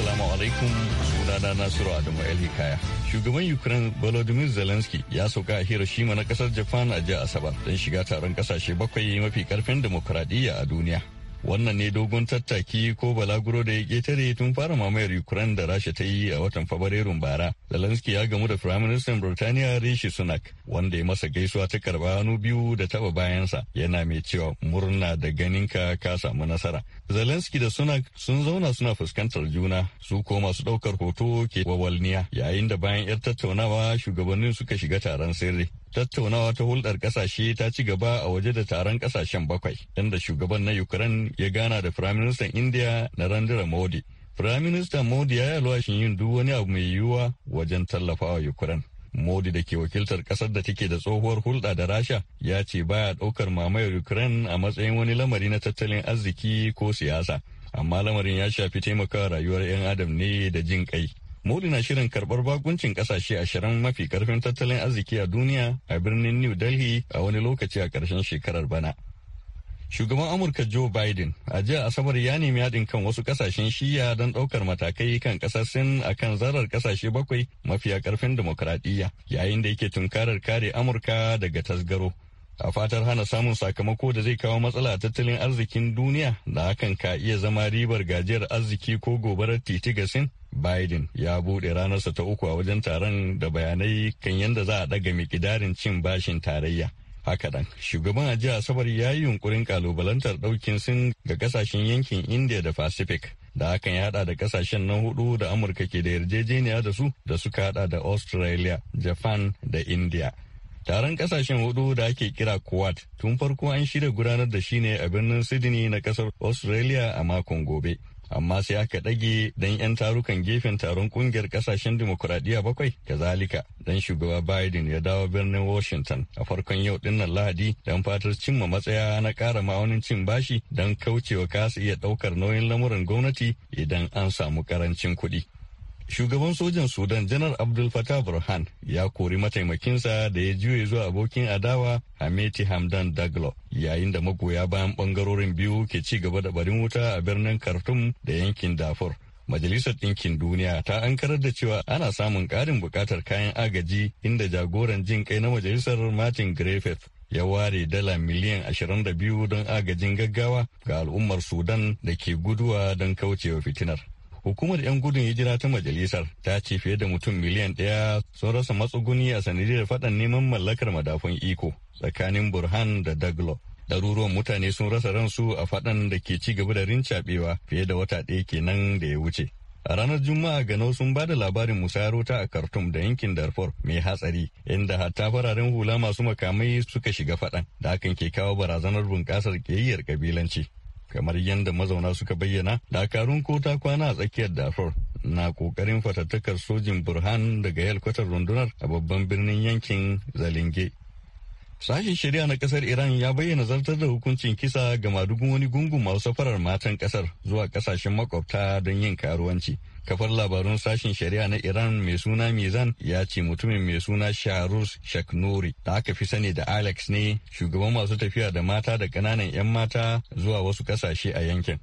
Assalamu alaikum sunana Nasiru Adamu El Hikaya. Shugaban Ukraine Volodymyr Zelensky ya sauka a Hiroshima na kasar Japan a jiya Asabar don shiga taron kasashe bakwai mafi karfin demokuraɗiyya a duniya. wannan ne dogon tattaki ko balaguro da ya ketare tun fara mamayar ukraine da rasha ta yi a watan fabrairun bara zelensky ya gamu da firaministan birtaniya rishi sunak wanda ya masa gaisuwa ta karba hannu biyu da taba bayansa yana mai cewa murna da ganinka ka samu nasara zelensky da sunak sun zauna suna fuskantar juna su ko masu daukar hoto ke wawalniya yayin da bayan yar tattaunawa shugabannin suka shiga taron sirri tattaunawa ta hulɗar ƙasashe ta ci gaba a waje da taron ƙasashen bakwai inda shugaban na ukraine ya gana da firaministan india narendra modi firaministan modi ya yi alwashin yin duk wani abu mai yiwuwa wajen tallafawa ukraine modi da ke wakiltar ƙasar da take da tsohuwar hulɗa da rasha ya ce baya ɗaukar mamayar ukraine a matsayin wani lamari na tattalin arziki ko siyasa amma lamarin ya shafi taimakawa rayuwar 'yan adam ne da jin kai Modi na shirin karɓar bakuncin ƙasashe ashirin mafi karfin tattalin arziki a duniya a birnin New Delhi a wani lokaci a ƙarshen shekarar bana. Shugaban Amurka Joe Biden a jiya Asabar ya nemi haɗin kan wasu ƙasashen shiya don ɗaukar matakai kan ƙasar Sin a kan zarar ƙasashe bakwai mafiya ƙarfin demokuraɗiyya yayin da yake tunkarar kare Amurka daga tasgaro. A fatar hana samun sakamako da zai kawo matsala a tattalin arzikin duniya da hakan ka iya zama ribar gajiyar arziki ko gobarar titi ga Sin Biden ya buɗe ranarsa ta uku a wajen taron da bayanai kan yadda za a ɗaga mikidarin cin bashin tarayya. Hakanan, shugaban ajiya Asabar ya yi yunkurin kalubalantar ɗaukin sin ga ƙasashen yankin India da Pacific. Da hakan ya haɗa da ƙasashen na hudu da Amurka ke da yarjejeniya da su da suka haɗa da Australia, Japan da India. Taron ƙasashen hudu da ake kira Quad tun farko an shirya gudanar da shi ne a birnin Sydney na ƙasar Australia a makon gobe. amma sai aka ɗage don 'yan tarukan gefen taron kungiyar ƙasashen demokuraɗiyya bakwai kazalika don shugaba biden ya dawo birnin washington a farkon yau dinnan lahadi don fatar cimma matsaya na ƙara ma'aunin cin bashi don kaucewa kasa iya ɗaukar nauyin lamuran gwamnati idan an samu ƙarancin kuɗi Shugaban sojan Sudan Janar Abdul Fattah Burhan ya kori mataimakinsa da ya juye zuwa abokin adawa Hameti Hamdan Daglo yayin da magoya bayan bangarorin biyu ke ci gaba da barin wuta a birnin Khartoum da yankin Darfur. Majalisar Ɗinkin Duniya ta ankarar da cewa ana samun ƙarin buƙatar kayan agaji inda jagoran jin kai na majalisar Martin Griffith ya ware dala miliyan 22 don agajin gaggawa ga al'ummar Sudan da ke guduwa don kaucewa fitinar. Hukumar 'yan gudun hijira ta majalisar ta ce fiye da mutum miliyan ɗaya sun rasa matsuguni a sanadiyar faɗan neman mallakar madafun iko tsakanin Burhan da Daglo. Ɗaruruwan mutane sun rasa ransu a faɗan da ke ci gaba da rincaɓewa fiye da wata ɗaya kenan da ya wuce. A ranar Juma'a gano sun ba da labarin musarota a Khartoum da yankin Darfur mai hatsari inda hatta fararen hula masu makamai suka shiga faɗan da hakan ke kawo barazanar bunƙasar ƙiyayyar ƙabilanci. kamar yadda mazauna suka bayyana dakarun ko ta kwana a tsakiyar darfur na kokarin fatattakar sojin burhan daga yalkwatar rundunar a babban birnin yankin zalinge Sashen shari'a na kasar Iran ya bayyana zartar da hukuncin kisa ga madugun wani gungun masu safarar matan kasar zuwa kasashen makwabta don yin karuwanci. Kafar labarun sashen shari'a na Iran mai suna Mizan ya ce mutumin mai suna Sharus Shaknori da aka fi sani da Alex ne shugaban masu tafiya da mata da ƙananan 'yan mata zuwa wasu kasashe a yankin.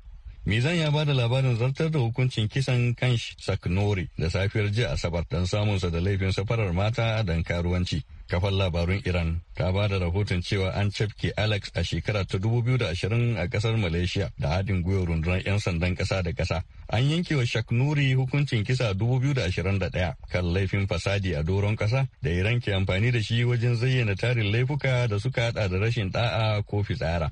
Mizan ya ba da labarin zartar da hukuncin kisan kan Saknori da safiyar jiya Asabar don samunsa da laifin safarar mata dan karuwanci. Kafar labarun Iran ta ba da rahoton cewa an cafke Alex a shekara ta 2020 a kasar Malaysia da haɗin gwiwar rundunar 'yan sandan ƙasa da ƙasa. An yanke wa Shaknuri hukuncin kisa 2021 kan laifin fasadi a doron ƙasa da Iran ke amfani da shi wajen zayyana tarin laifuka da suka haɗa da rashin ɗa'a ko fitsara.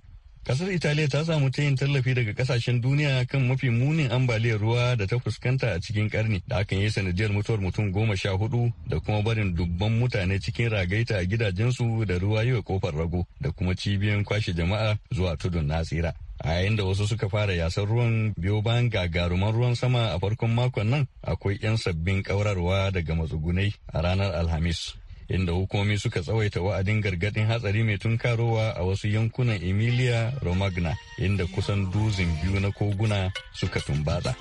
Kasar Italiya ta samu ta yin tallafi daga kasashen duniya kan mafi munin ambaliyar ruwa da ta fuskanta a cikin karni da hakan yi sanadiyar mutuwar mutum goma sha hudu da kuma barin dubban mutane cikin ragaita a gidajensu da ruwa yiwa kofar rago da kuma cibiyan kwashe jama'a zuwa tudun nasira A yayin da wasu suka fara yasar ruwan biyo bayan gagaruman ruwan sama a farkon makon nan akwai 'yan sabbin ƙaurarwa daga matsugunai a ranar Alhamis. inda hukumomi suka tsawaita wa'adin gargadin hatsari mai tunkarowa a wasu yankunan emilia romagna inda kusan duzin biyu na koguna suka tumbatsa.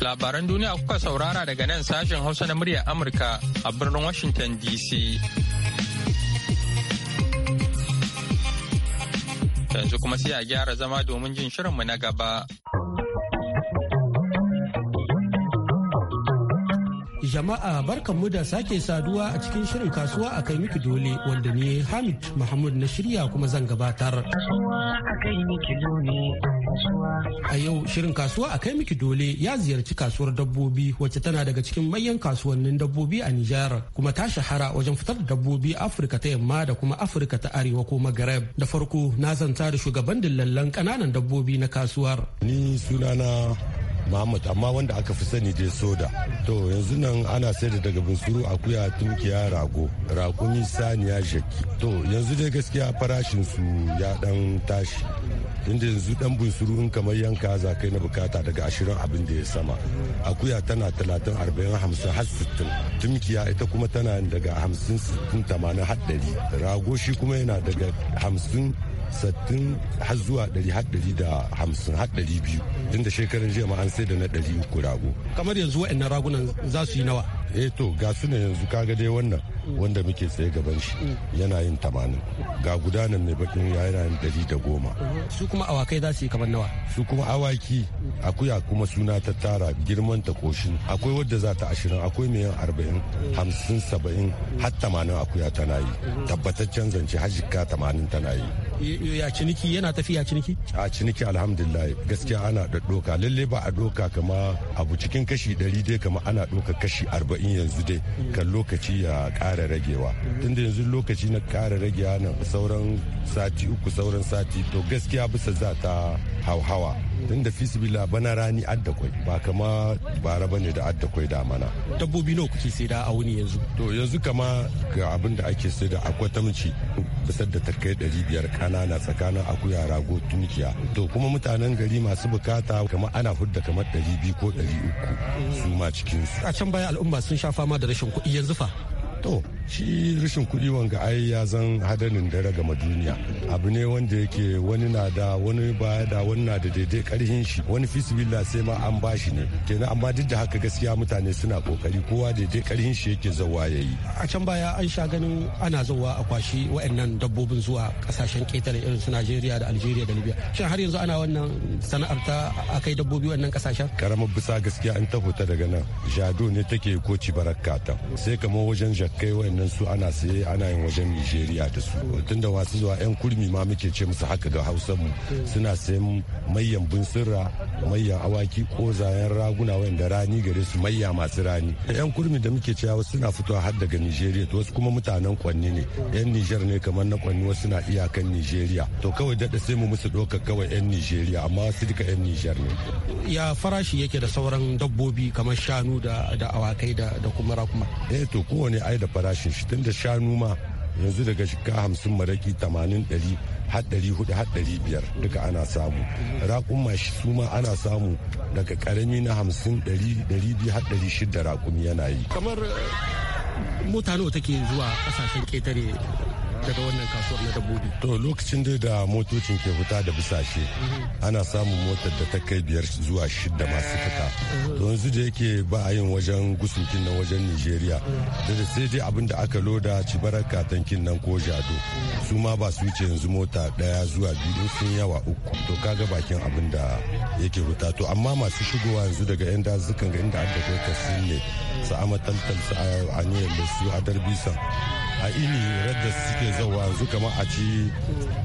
labaran duniya kuka saurara daga nan sashen hausa na muryar amurka a birnin washington dc Yanzu kuma sai a gyara zama domin jin shirinmu na gaba. Jama'a barkanmu da sake saduwa a cikin shirin kasuwa a kai miki dole wanda ni Hamid Mahmud na shirya kuma zan gabatar. Kasuwa a kai miki dole. A yau shirin kasuwa a kai miki dole ya ziyarci kasuwar dabbobi wacce tana daga cikin manyan kasuwannin dabbobi a Nijar kuma ta shahara wajen fitar da dabbobi Afirka ta yamma da kuma Afirka ta arewa ko Maghreb. Da farko na zanta da shugaban dillallan kananan dabbobi na kasuwar. Ni sunana Muhammad amma wanda aka fi sani dai soda. To yanzu nan ana sayar da daga bunsuru akuya tunkiya rago ni saniya shaki. To yanzu dai gaskiya farashin su ya dan tashi. Inda yanzu dan bunsuru in kamar yanka za kai na bukata daga ashirin abin da ya sama. Akuya tana talatin arba'in hamsin har sittin. Tunkiya ita kuma tana daga hamsin sittin tamanin har ɗari. Rago shi kuma yana daga hamsin sattin har zuwa ɗari har ɗari da hamsin har ɗari biyu tunda shekaran jiya ma an sai da na ɗari uku rago kamar yanzu wa'annan ragunan za su yi nawa eh to ga su ne yanzu kaga dai wannan wanda muke tsaye gaban shi yana yin tamanin ga gudanar mai bakin yana yin dari da goma su kuma awakai za su yi kamar nawa su kuma awaki akuya kuma suna ta tara girman ta koshin akwai wadda za ta ashirin akwai mai yin arba'in hamsin saba'in har tamanin akuya tana yi tabbataccen zance har jikka tamanin tana yi ya ciniki yana tafiya ciniki a ciniki alhamdulillah gaskiya ana da doka lalle ba a doka kama abu cikin kashi ɗari dai kama ana doka kashi arba'in yanzu dai kan lokaci ya kara ragewa tunda yanzu lokaci na kara ragewa nan sauran sati uku sauran sati to gaskiya bisa za ta hauhawa tunda fisibila bana rani adda kwai ba kama bara bane da adda kwai da mana dabbobi nawa kuke sai da a wuni yanzu to yanzu kama ga abin da ake sai da akwatamci bisa da ta kai ɗari biyar kanana tsakanin akuya rago tunkiya to kuma mutanen gari masu bukata kama ana hudda kamar ɗari biyu ko ɗari uku su ma cikin su a can baya al'umma sun sha fama da rashin kuɗi yanzu fa to shi rashin kuɗi wanga ai ya zan hadarin dare gama duniya abu ne wanda yake wani na da wani baya da wani na da daidai karhin shi wani fisibila sai ma an bashi ne kenan amma duk da haka gaskiya mutane suna kokari kowa daidai karhin shi yake zawa ya yi a can baya an sha ganin ana zawa a kwashi wa'annan dabbobin zuwa kasashen ketare irin su najeriya da algeria da libya shin har yanzu ana wannan sana'ar ta kai dabbobi wannan kasashen karamar bisa gaskiya an ta daga nan jado ne take ko cibarar sai kamar wajen jakkai wa'annan nan su ana sai ana yin wajen nigeria da su tunda wasu zuwa yan kurmi ma muke ce musu haka ga hausa mu suna sayan mayan bunsirra mayan awaki ko zayen raguna wanda rani gare su maya masu rani yan kurmi da muke cewa wasu suna fitowa har daga nigeria to wasu kuma mutanen kwanni ne yan niger ne kamar na kwanni wasu na iyakan nigeria to kawai dada sai mu musu doka kawai yan nigeria amma su duka yan niger ne ya farashi yake da sauran dabbobi kamar shanu da awakai da kuma rakuma eh to kowane ai da farashi farashin shi tun da shanu ma yanzu daga shiga hamsin maraki tamanin ɗari har ɗari hudu har ɗari biyar duka ana samu raƙumma shi su ma ana samu daga ƙarami na hamsin ɗari ɗari biyu har ɗari shida raƙumi yana yi kamar mota nawa take zuwa ƙasashen ƙetare daga wannan kasuwar na dabbobi to lokacin dai da motocin ke fita da bisashe mhm. ana samun motar da ta kai biyar zuwa shidda masu fita eh. to yanzu da yake ba a yin wajen gusukin na wajen nigeria eh. da sai dai abin da aka loda cibarar katankin nan ko jado eh. su ma ba su wuce yanzu mota daya zuwa biyu sun yawa uku to ga bakin abin da yake fita to amma masu shigowa yanzu daga yan dazukan ga inda aka kai kasin ne su amatantal su aniyar da su a darbisa a ini radda suke zauwa yanzu kama a ci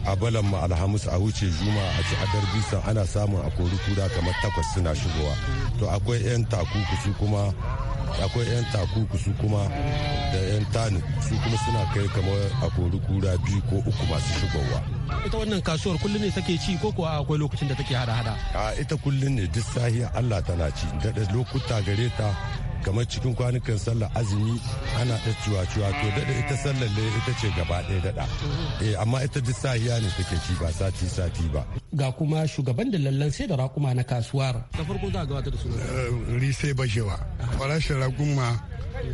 a balan ma alhamis a wuce juma a ci a darbisa ana samun a kori kuda kamar takwas suna shigowa to akwai 'yan takukusu kuma akwai 'yan takuku su kuma da 'yan tani su kuma suna kai kamar a kori kura biyu ko uku masu shigowa ita wannan kasuwar kullum ne take ci ko kuwa akwai lokacin da take hada hada a ita kullum ne duk sahiya allah tana ci da lokuta gare ta kamar cikin kwanukan sallar azumi ana ta ciwa ciwa to dada ita sallar ne ita ce gaba ɗaya daɗa eh amma ita duk sahiya ne take ci ba sati sati ba ga kuma shugaban da lallan sai da raƙuma na kasuwar da farko za a gabatar da suna eh, sai bashewa farashin raƙuma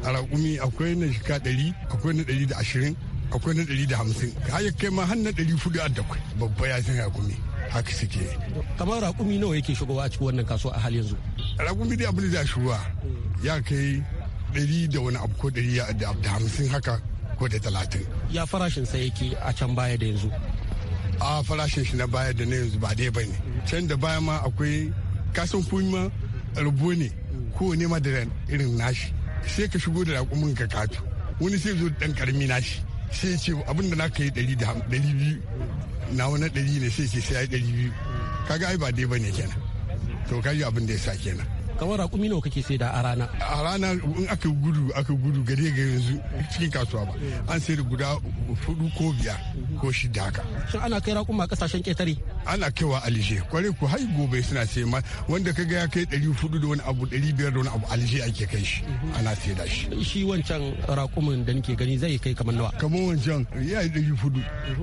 a raƙumi akwai na shika ɗari akwai na ɗari da ashirin akwai na ɗari da hamsin kayan kai ma har na ɗari fudu a da babba ya san raƙumi haka suke kamar raƙumi nawa yake shigowa a cikin wannan kasuwa a hal yanzu ragun bidi abin da shuwa ya kai ɗari da wani abu ko ɗari da hamsin haka ko da talatin. Ya farashin sa yake a can baya da yanzu? A farashin shi na baya da na yanzu ba dai ba ne. Can da baya ma akwai kasan kumi ma rubo ne ko ne ma da irin nashi. Sai ka shigo da raƙumin ka katu. Wani sai zo ɗan ƙarami nashi. Sai ce abin da na kai ɗari da ɗari biyu. Na wani ɗari ne sai ce sai ya ɗari biyu. Kaga ai ba dai ba ne kenan. to kaji abin da ya sa kenan kamar raƙumi nawa kake sai da a rana a rana in aka gudu aka gudu gare ga yanzu cikin kasuwa ba an sai da guda hudu ko biyar ko shida haka shin ana kai raƙuma kasashen ƙetare ana kaiwa alije kware ku hai gobe suna ce ma wanda kaga ya kai ɗari da wani abu ɗari biyar da wani abu alije ake kai shi ana sai da shi. shi wancan rakumin da nake gani zai kai kamar nawa. kamar wancan ya yi ɗari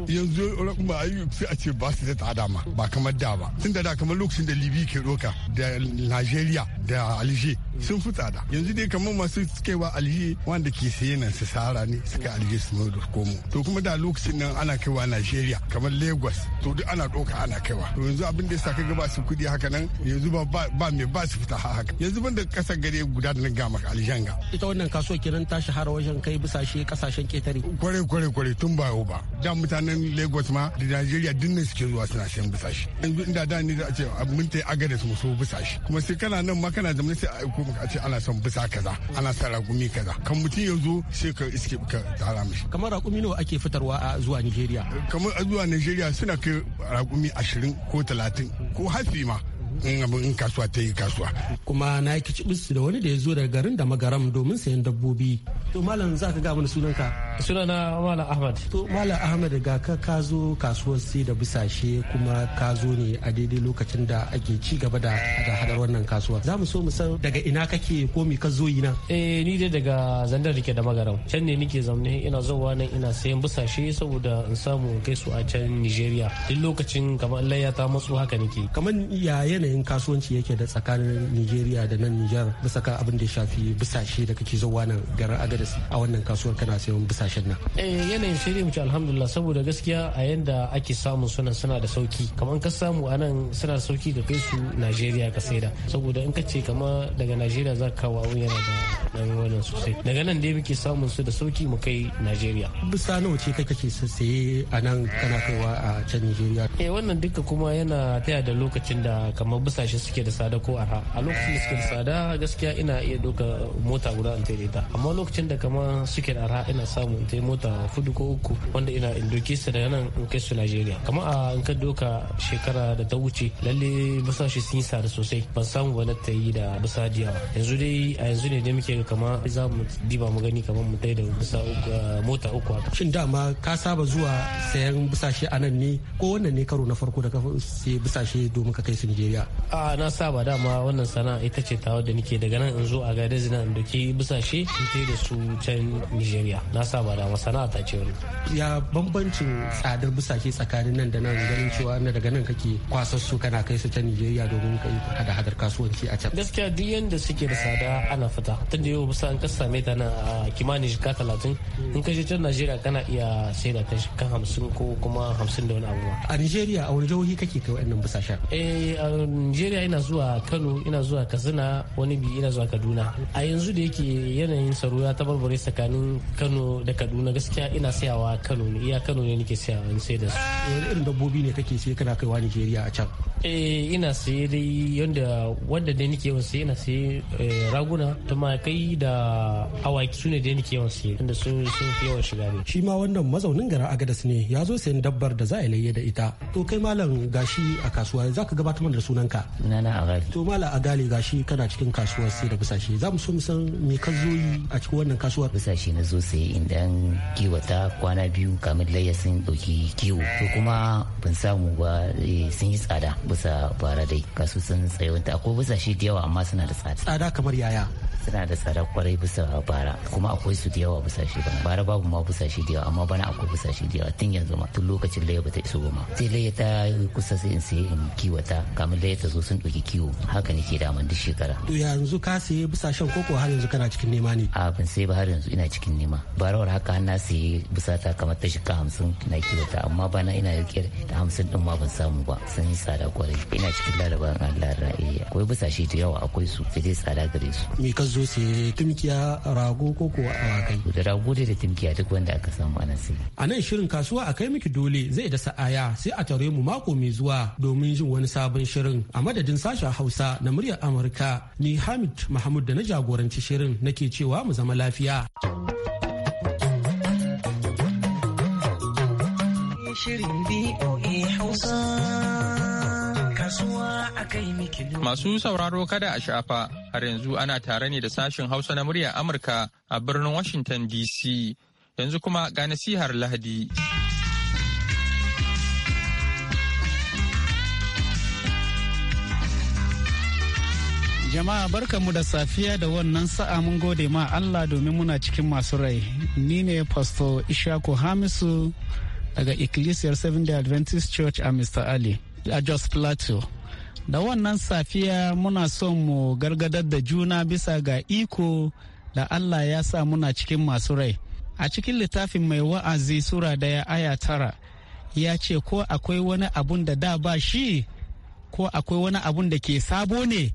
yanzu rakuma sai a ce ba su da tsada ma ba kamar da ba tun da da kamar lokacin da libi ke doka da nigeria da alije sun fi tsada yanzu dai kamar masu kaiwa alije wanda ke saye nan su sara ne suka alije su mai da komo to kuma da lokacin nan ana kaiwa nigeria kamar lagos to duk ana doka ana kaiwa to yanzu abin da yasa kaga ba su kudi haka nan yanzu ba ba me ba su fita haka yanzu banda kasar gare guda da nan ga maka aljanga ita wannan kaso kiran ta shahara wajen kai bisa shi kasashen ketare kware kware kware tun ba yau ba da mutanen Lagos ma da Najeriya dinnan suke zuwa suna shan bisa shi yanzu inda da ni da a ce mun tai agades mu so bisa shi kuma sai kana nan ma kana zama sai a aiko maka a ce ana son bisa kaza ana son ragumi kaza kan mutum yanzu sai ka iske ka tara mishi kamar ragumi nawa ake fitarwa a zuwa Nigeria kamar a zuwa Nigeria suna kai ragumi ashirin ko talatin ko hafi ma in abin kasuwa ta yi kasuwa. Kuma na yi kici da wani da ya zo daga garin da magaram domin sayan dabbobi to malam za ka ga mana sunanka sunana malam ahmad to malam ahmad ga ka ka zo kasuwar sai da bisashe kuma ka zo ne a daidai lokacin da ake ci gaba da hadar wannan kasuwa za mu so mu san daga ina kake ko me ka zo yi na eh ni dai daga zandar rike da magaram can ne nike zaune ina zuwa nan ina sayan bisashe saboda in samu kai su a can Nigeria duk lokacin kamar Allah ya ta matsu haka nake kamar ya yanayin kasuwanci yake da tsakanin Nigeria da nan Niger bisa ka abin da ya shafi bisashe da kake zuwa nan garin a wannan kasuwar kana sayan bisashen nan. Eh yanayin sai dai mutu alhamdulillah saboda gaskiya a yanda ake samun sunan suna da sauki kamar ka samu a nan suna da sauki da kai su Najeriya ka saida saboda in ka ce kamar daga Najeriya za ka kawo yana da dan wannan sosai daga nan dai muke samun su da sauki mu kai Najeriya bisa nawa ce kai kake saye a nan kana kaiwa a can Najeriya eh wannan duka kuma yana taya da lokacin da kamar busashe suke da sada ko arha a lokacin da suke da sada gaskiya ina iya doka mota guda in tare ta amma lokacin da kamar suke da arha ina samun in tai mota hudu ko uku wanda ina in doke su daga nan in kai su Najeriya kamar a in ka doka shekara da ta wuce lalle busashe sun yi tsada sosai ban samu ba na ta da bisa diyawa yanzu dai a yanzu ne dai muke kama za mu diba mu gani kamar mu dai da bisa eh, mota uku haka shin dama ka saba zuwa sayan bisashe a nan ne ko wannan ne karo na farko da ka sai bisashe domin ka kai su Nigeria a na saba dama wannan sana'a ita ce ta wadda nake daga nan in zo a gada zina in doki bisashe in kai da su can Nigeria na saba dama sana'a ta ce wani ya bambancin tsadar bisashe tsakanin nan da nan ganin cewa na daga nan kake kwasar su kana kai su can Nigeria domin ka yi hada hadar kasuwanci a can gaskiya duk yanda suke da tsada ana fita tunda yau bisa an ka same ta nan a kimanin shiga talatin in ka je can najeriya kana iya sai da ta shika hamsin ko kuma hamsin da wani abu ba a nigeria a wani jihohi kake kai wa'annan busashen eh a nigeria ina zuwa kano ina zuwa katsina wani bi ina zuwa kaduna a yanzu da yake yanayin tsaro ya tabarbare tsakanin kano da kaduna gaskiya ina sayawa kano ne iya kano ne nake sayawa in sai da su eh, irin dabbobi ne kake sai kana kaiwa nigeria a can eh ina saye dai yanda wanda dai nake yawan sai ina saye eh, raguna ta ma kai da awaki su ne da nake yawan siye inda sun fi yawan shiga ne shi ma wannan mazaunin garin agadas ne ya zo sayan dabbar da za a layya da ita to kai malam gashi a kasuwa za ka gabatar mana da sunanka na na agali to malam agali gashi kana cikin kasuwar sai da busashe za mu so mu san me ka zo yi a cikin wannan kasuwar busashe na zo sai inda an kiwata kwana biyu kamin layya sun dauki kiwo to kuma ban samu ba eh, sun yi tsada busa bara dai kasu sun tsayawanta akwai busashe da yawa amma suna da tsada tsada kamar yaya suna da tsada kwarai bisa bara kuma akwai su da yawa busashe bana bara babu ma busashe da yawa amma bana akwai busashe da yawa tun yanzu ma tun lokacin laye bata iso ba ma sai laye ta kusa sai in sai in kiwata kamin laye ta zo sun ɗauki kiwo haka nake daman duk shekara. to yanzu ka saye busashen koko har yanzu kana cikin nema ne. a ban sai ba har yanzu ina cikin nema barawar haka na saye busata kamar ta shika hamsin na kiwata amma bana ina riƙe da hamsin din ma ban samu ba sun yi tsada kwarai ina cikin lalaban Allah ra'ayi eh, akwai busashe da yawa akwai su sai dai tsada gare su. me ka zo yi tumkiya rago ko kuwa awakai da rago da tumkiya duk wanda aka samu ana sai a nan shirin kasuwa a kai miki dole zai dasa aya sai a tare mu mako mai zuwa domin jin wani sabon shirin a madadin sashen hausa na muryar amurka ni hamid mahmud da na jagoranci shirin nake cewa mu zama lafiya shirin BOA hausa Masu sauraro kada a shafa har yanzu ana tare ne da sashen Hausa na murya Amurka a birnin Washington DC. Yanzu kuma ga nasihar Lahadi. Jama'a barkanmu da safiya da wannan sa'a mun gode ma Allah domin muna cikin masu rai. Ni ne Pastor Ishaku Hamisu daga Ecclesiar Seventh Day Adventist Church a Mr. Ali. a Jos Plateau. Da wannan safiya muna son mu gargadar da juna bisa ga iko da Allah ya sa muna cikin masu rai. A cikin littafin mai wa'azi Sura daya aya tara ya ce ko akwai wani abun da da ba shi ko akwai wani abun da ke sabo ne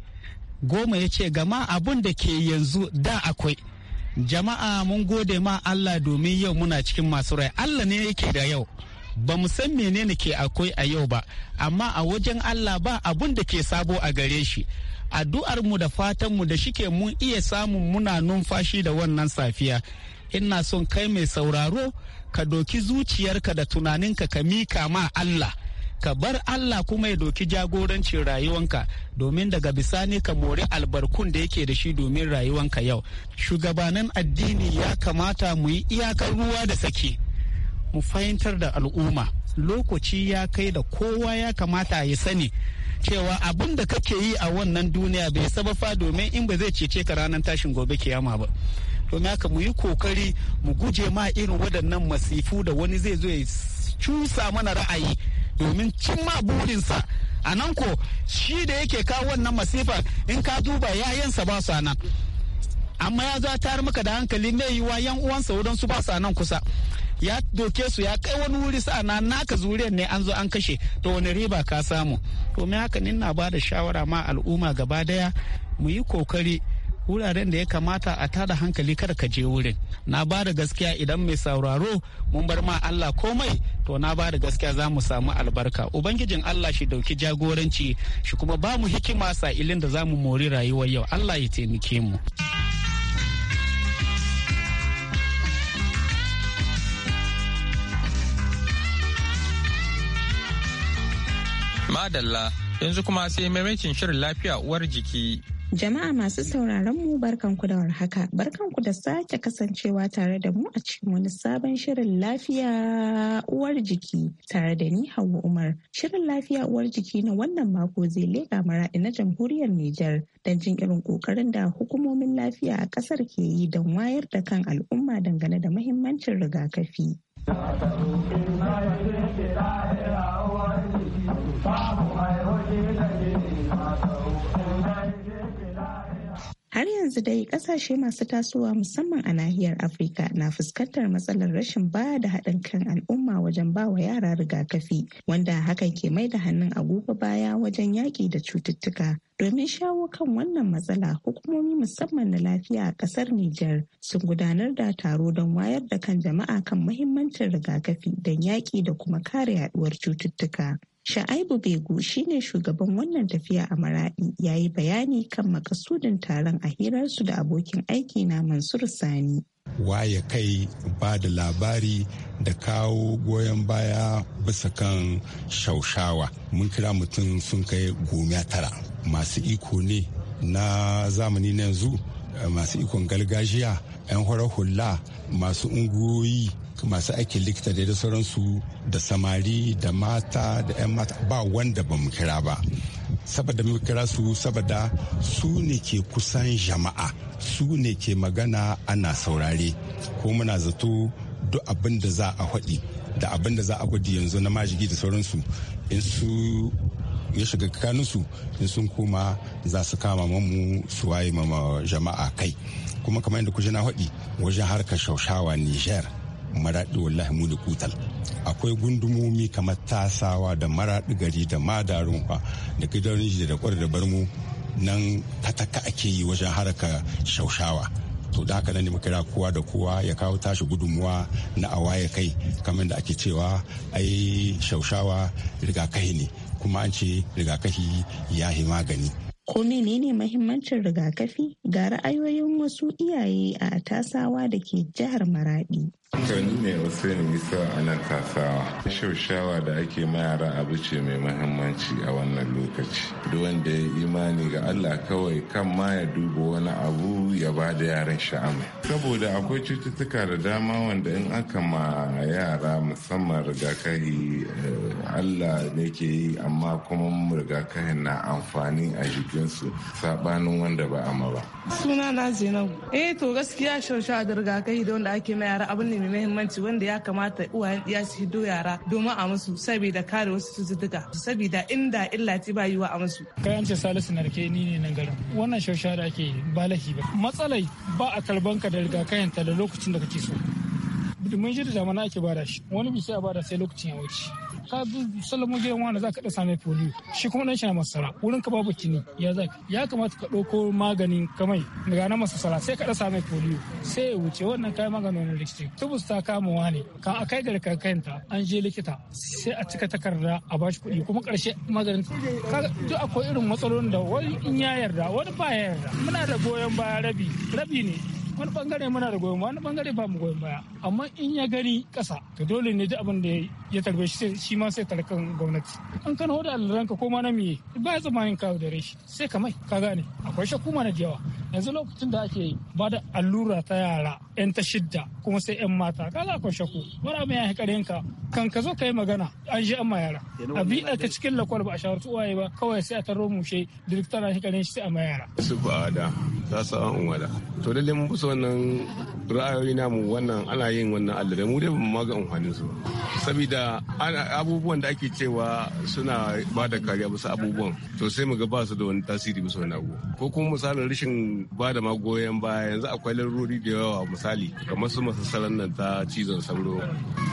goma ya ce gama abun da ke yanzu da akwai. Jama'a mun gode ma Allah domin yau muna cikin masu rai Allah ne yake da yau. ba mu san menene ke akwai a yau ba amma a wajen Allah ba abun da ke sabo a gare shi addu'ar mu da fatan mu da shike mun iya samun muna numfashi da wannan safiya ina son kai mai sauraro ka doki zuciyarka da tunaninka ka mika ma Allah ka bar Allah kuma ya doki jagorancin rayuwanka domin daga bisani ka more albarkun da yake da shi domin rayuwanka yau shugabanin addini ya kamata mu yi iyakar ruwa da saki mu fahimtar da al'umma lokaci ya kai da kowa ya kamata ya sani cewa abin da kake yi a wannan duniya bai sabafa domin in ba zai cece ka ranar tashin gobe kiyama ba domin haka mu yi kokari mu guje ma irin waɗannan masifu da wani zai zo ya cusa mana ra'ayi domin cimma burinsa a nan ko shi da yake kawo wannan masifar in ka duba yayansa ba su nan amma ya zo tayar maka da hankali mai yiwa yan uwansa wurin su ba su nan kusa ya doke su ya kai wani wuri sa'ana naka zuriyar ne an zo an kashe to wani riba ka samu to me haka na ba da shawara ma al'umma gaba daya mu yi kokari wuraren da ya kamata a tada hankali kada ka je wurin na ba da gaskiya idan mai sauraro mun bar ma Allah komai to na ba da gaskiya za mu samu albarka ubangijin Allah shi dauki jagoranci shi kuma ba mu hikima ilin da za mu mori rayuwar yau Allah ya taimake mu. adalla yanzu kuma sai maimakin shirin lafiya uwar jiki. Jama'a masu sauraron mu barkanku da warhaka. Barkanku da sake kasancewa tare da mu a cikin wani sabon shirin lafiya uwar jiki tare da ni Hauwa Umar. Shirin lafiya uwar jiki na wannan mako zai leƙa maraɗi na jamhuriyar Nijar don jin irin ƙoƙarin da hukumomin lafiya a ƙasar ke yi don wayar da kan al'umma dangane da mahimmancin rigakafi. Har yanzu dai kasashe masu tasowa musamman a nahiyar Afrika, na fuskantar matsalar rashin ba da haɗin kan al'umma wajen ba wa yara rigakafi wanda hakan ke mai da hannun agogo baya wajen yaƙi da cututtuka. Domin shawo kan wannan matsala hukumomi musamman na lafiya a ƙasar Nijar sun gudanar da taro don wayar da kan jama'a kan mahimmancin rigakafi don yaƙi da kuma kare yaɗuwar cututtuka. Sha'aibu Begu shine shugaban wannan tafiya a Maraɗi ya yi bayani kan makasudin taron a hirarsu da abokin aiki na Mansur Sani. Waye kai ba da labari da kawo goyon baya bisa kan shaushawa. Mun kira mutum sun kai goma tara masu iko ne na zamani na yanzu masu ikon galgajiya? 'yan hula masu unguyoyi? masu aikin likita da da sauransu da samari da mata da 'yan mata ba wanda ba mu kira ba saboda mu kira su saboda su ne ke kusan jama'a su ne ke magana ana saurare ko muna zato duk abin da za a haɗi da abin da za a gudu yanzu na majigi da sauransu in su ya shiga kanunsu in sun koma za su kama mamu su waye mama jama'a kai kuma kamar yadda kujina haɗi wajen harkar shaushawa niger maraɗi wallahi mu da kutal akwai gundumomi kamar tasawa da maraɗi gari da madarun da gidan da kwarar da barmu nan kataka ake yi wajen haraka shaushawa to da haka nan ne kira kowa da kowa ya kawo tashi gudunmuwa na awa ya kai kamar da ake cewa ai shaushawa rigakafi ne kuma an ce rigakafi ya yi magani ko menene mahimmancin rigakafi ga ra'ayoyin wasu iyaye a tasawa da ke jihar maradi To ni ne Usaini Isa a nan kasawa. Shaushawa da ake mayara abu ce mai mahimmanci a wannan lokaci. Duk wanda ya imani ga Allah kawai kan ma ya duba wani abu ya ba da yaran sha'amai. Saboda akwai cututtuka da dama wanda in aka ma yara musamman rigakahi eh, Allah ne ke yi amma kuma rigakafin na amfani a jikinsu sabanin wanda ba a ma ba. Suna na Zainabu. Eh to gaskiya shaushawa da rigakahi da wanda ake mayara abu ne mai mahimmanci wanda ya kamata uwayen ya su hido yara domin a musu saboda kare wasu cututtuka saboda inda illa ce ba yiwa a musu. Kayan ce Salisu na rike ni ne nan garin. Wannan shausha da ake ba lahi ba. Matsalai ba a karban ka da rigakafin ta da lokacin da kake so. dumin mun da zamana ake bada shi wani bisa a bada sai lokacin ya wuce ka bi salamun gidan wani za ka da same polio shi kuma dan shi na masara wurin ka babu kini ya za ya kamata ka ɗauko maganin kamai daga na masara sai ka da same polio sai ya wuce wannan kayan maganin wani likita tubus ta kama wani ka a kai da an je likita sai a cika takarda a bashi kuɗi kuma ƙarshe maganin ka duk akwai irin matsalolin da wani in ya yarda wani ba ya yarda muna da goyon baya rabi rabi ne wani bangare muna da goyon wani bangare ba mu goyon baya amma in ya gani kasa to dole ne duk abin da ya tarbe shi shi ma sai tarkan gwamnati an kan hoda ka ko ma na miye ba ya tsammanin kawo da shi sai ka mai ka gane akwai shakuma na jawa yanzu lokacin da ake ba da allura ta yara yan ta shidda kuma sai yan mata za akwai shakku wani mai ya haƙarin ka kan ka zo ka yi magana an ji an ma yara a bi ka cikin lakwal ba a shawarci waye ba kawai sai a taro mushe direkta na shi shi sai a ma yara su ba da wada to mun bisa wannan ra'ayoyi namu wannan ana yin wannan allurai mu dai ma ga amfanin su saboda abubuwan da ake cewa suna ba da kariya bisa abubuwan to sai mu ga ba su da wani tasiri bisa wani abu ko kuma misalin rashin ba da magoyan baya yanzu akwai larurori da yawa misali kamar su masasaran nan ta cizon sauro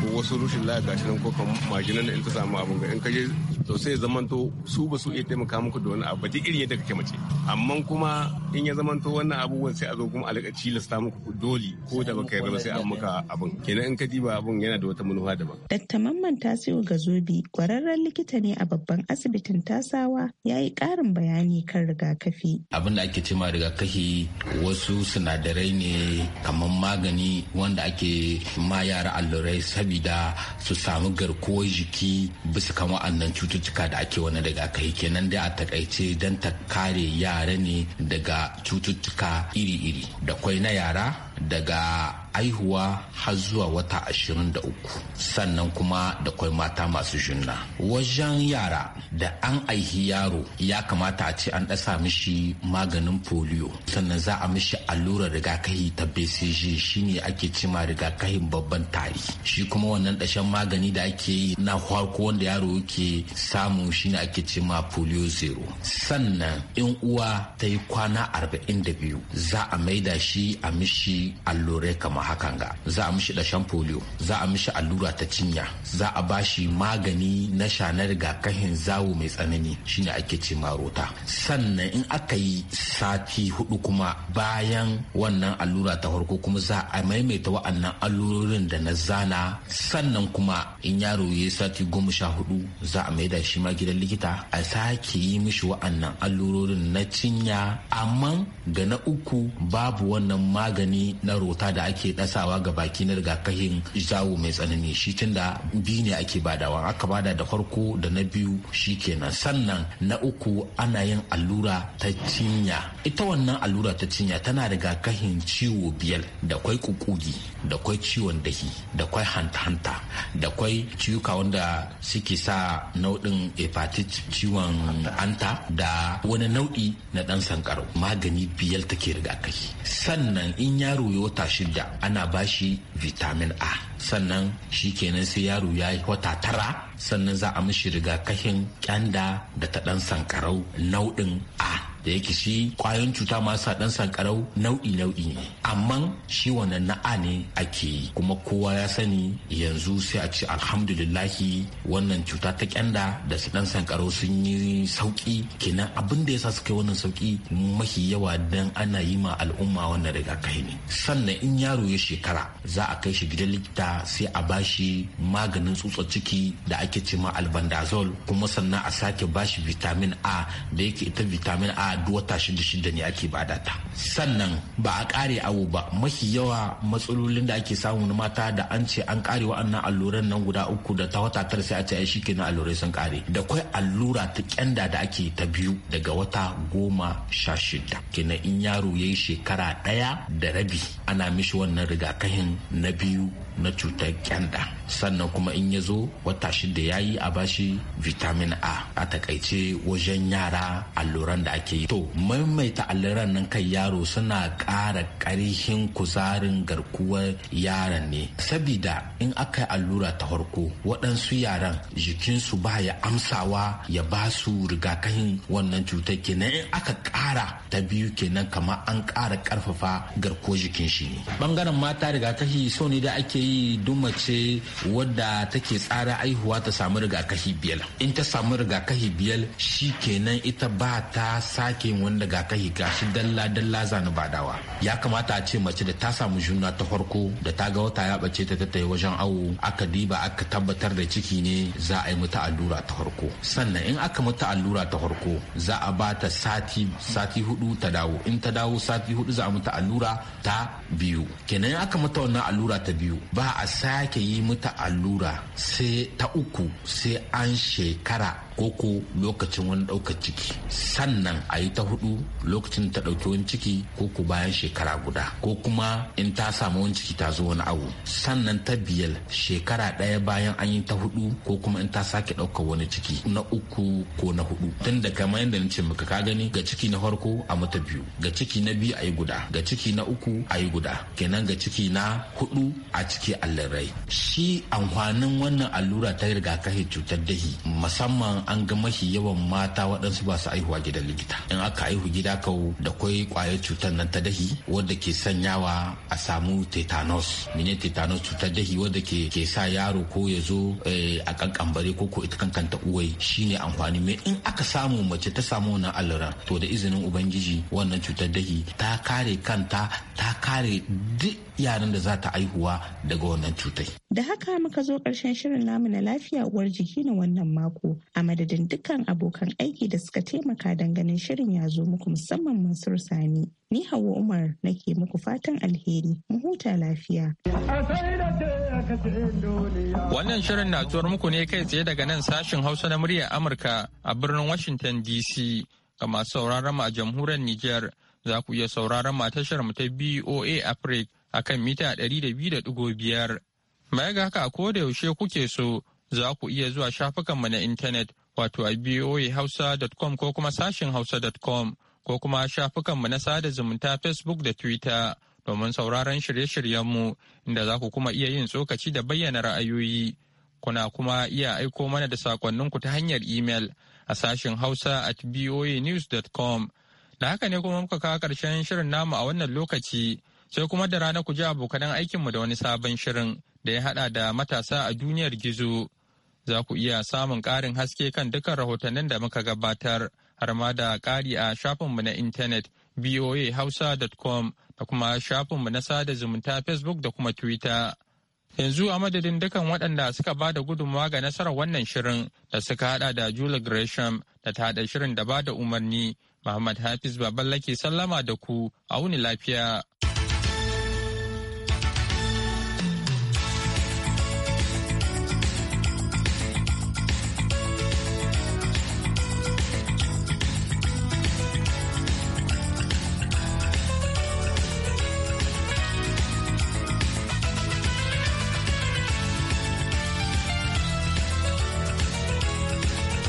ko wasu rushin laya gashi nan ko kan majinan da in ta samu abin ga in kaje to sai zamanto su ba su iya taimaka muku da wani abu ba irin yadda kake mace amma kuma in ya zamanto wannan abubuwan sai a zo kuma a tilasta muku dole ko da baka yarda sai an muka abin kenan in ka diba abin yana da wata manufa daban dr mamman gazobi kwararren likita ne a babban asibitin tasawa ya yi karin bayani kan rigakafi abin da ake cema rigakafi wasu sinadarai ne kamar magani wanda ake ma yara allurai sabida su samu garkuwar jiki bisa kan wa'annan cututtuka da ake wani rigakafi kenan dai a takaice don ta kare yara ne daga cututtuka iri-iri da kwai na na yara daga aihuwa har zuwa wata 23 sannan kuma da kwai mata masu junna wajen yara da an aihi yaro ya kamata a ce an ɗasa mishi maganin polio sannan za a mishi allurar rigakahi ta bcg shine ake cima rigakafin babban tari shi kuma wannan dashen magani da ake yi na farko wanda yaro yake samu shine ake cima polio zero sannan in uwa ta yi kwana 42 za a maida shi a mishi allurai kamar ma hakan ga za a mishi dashen polio za a mishi allura ta cinya za a bashi magani na shanar rigakafin zawo mai tsanani shine ake ce rota. sannan in aka yi sati hudu kuma bayan wannan allura ta farko kuma za a maimaita wa'annan allurorin da na zana sannan kuma in yaro ya sati goma sha hudu za a maida shi ma gidan likita a sake yi mishi wa'annan allurorin na cinya amma ga na uku babu wannan magani na rota da ake ake dasawa ga baki na rigakafin zawo mai tsanani shi tun da biyu ne ake badawa aka bada da farko da na biyu shi kenan sannan na uku ana yin allura ta cinya ita wannan allura ta cinya tana rigakafin ciwo biyar da kwai kukugi da kwai ciwon dahi da kwai hanta-hanta da kwai ciwuka wanda suke sa nau'in hepatitis ciwon hanta da wani nau'i na dan sankaro magani biyar take rigakafi sannan in yaro ya wata shida ana bashi vitamin a sannan shi kenan sai yaro ya yi wata tara sannan za a mishi rigakafin kyanda da ta ɗan sankarau nau'in a da yake shi kwayoyin cuta masu dan sankarau nau'i nau'i ne amma shi wannan na a ne ake yi kuma kowa ya sani yanzu sai a ce alhamdulillahi wannan cuta ta kyanda da su dan sankarau sun yi sauki kenan abin da yasa suka kai wannan sauki mafi yawa dan ana yi ma al'umma wannan rigakafi ne sannan in yaro ya shekara za a kai shi gidan likita sai a bashi maganin tsutsar ciki da ake cema albandazol kuma sannan a sake bashi vitamin a da yake ita vitamin a duwata shida shida ne ake badata sannan ba a kare awo ba mafi yawa matsalolin da ake samu na mata da an ce an kare wa'annan alluran nan guda uku da ta wata tara sai a ce ai shikenan allurai sun kare da kwai allura ta kyanda da ake ta biyu daga wata goma sha shida kenan in yaro yayi shekara daya da rabi ana mishi wannan rigakafin na biyu na cutar kyanda sannan kuma in ya zo wata shida ya yi a bashi vitamin a a takaice wajen yara alluran da ake yi to maimaita alluran nan kan yaro suna ƙara ƙarihin kuzarin garkuwar yaran ne sabida in aka yi allura ta farko waɗansu yaran jikinsu ba ya amsawa ya ba su rigakafin wannan cutar kenan in aka ƙara ta biyu kenan kamar an ƙara ƙarfafa garkuwar jikin shi ne bangaren mata rigakafi so ne da ake yi duk mace wadda take tsara aihuwa ta samu rigakafi biyar in ta samu rigakafi biyar shi kenan ita ba ta sake wani rigakafi gashi dalla dalla zani badawa ya kamata a ce mace da ta samu juna ta farko da ta ga wata ya bace ta ta tattaye wajen awo aka diba aka tabbatar da ciki ne za a yi mata allura ta farko sannan in aka mata allura ta farko za a ba ta sati sati hudu ta dawo in ta dawo sati hudu za a mata allura ta biyu kenan in aka mata wannan allura ta biyu ba a sake yi mata allura sai ta uku sai an shekara koko lokacin wani ɗaukar ciki sannan a yi ta hudu lokacin ta ɗauki wani ciki koko bayan shekara guda ko kuma in ta samu wani ciki ta zo wani awo sannan ta biyar shekara ɗaya bayan an yi ta hudu ko kuma in ta sake ɗaukar wani ciki na uku ko na hudu tun da kamar yadda na ce maka ka gani ga ciki na farko a mata biyu ga ciki na biyu a yi guda ga ciki na uku a yi guda kenan ga ciki na hudu a ciki allurai shi amfanin wannan allura ta rigakafin cutar dahi musamman an ga mafi yawan mata waɗansu ba su aihuwa gidan likita in aka aihu gida kau da kwai kwayar cutar nan ta dahi wadda ke sanyawa a samu tetanus mene tetanus cutar dahi wadda ke ke sa yaro ko ya zo eh, a kankanbare ko ko ita kankanta uwai shine amfani mai in aka samu mace ta samu wannan allura to da izinin ubangiji wannan cutar dahi ta kare kanta ta kare duk yaran da za ta aihuwa daga wannan cutar. Da haka muka zo ƙarshen shirin namu na lafiya uwar jiki na wannan mako a madadin dukkan abokan aiki da suka taimaka ganin shirin ya zo muku musamman Mansur Sani. Ni Hauwa Umar nake muku fatan alheri mu huta lafiya. Wannan shirin na zuwar muku ne kai tsaye daga nan sashin Hausa na muryar Amurka a birnin Washington DC ga masu sauraron mu a jamhuriyar Niger, za ku iya sauraron mu a tashar mu ta BOA Africa akan mita 200.5. ma ga haka a koda yaushe kuke so za ku iya zuwa shafukanmu na intanet wato a voahausa.com ko kuma sashin hausa.com ko kuma shafukanmu na sada zumunta Facebook da Twitter domin sauraron shirye-shiryenmu inda za ku kuma iya yin tsokaci da bayyana ra'ayoyi. Kuna kuma iya aiko mana da sakonninku ta hanyar email a sashin hausa at voanews.com. Da haka ne kuma muka kawo karshen shirin namu a wannan lokaci sai kuma da rana ku ji abokanan aikinmu da wani sabon shirin. da ya haɗa da matasa a duniyar gizo. Za ku iya samun ƙarin haske kan dukkan rahotannin da muka gabatar har ma da ƙari a shafinmu na intanet voahausa.com da kuma shafinmu na sada zumunta Facebook da kuma Twitter. Yanzu a madadin dukan waɗanda suka ba da gudunmawa ga nasarar wannan shirin da suka haɗa da jula Gresham da ta haɗa shirin da ba da umarni, Muhammad Hafiz Baballake sallama da ku, a wuni lafiya.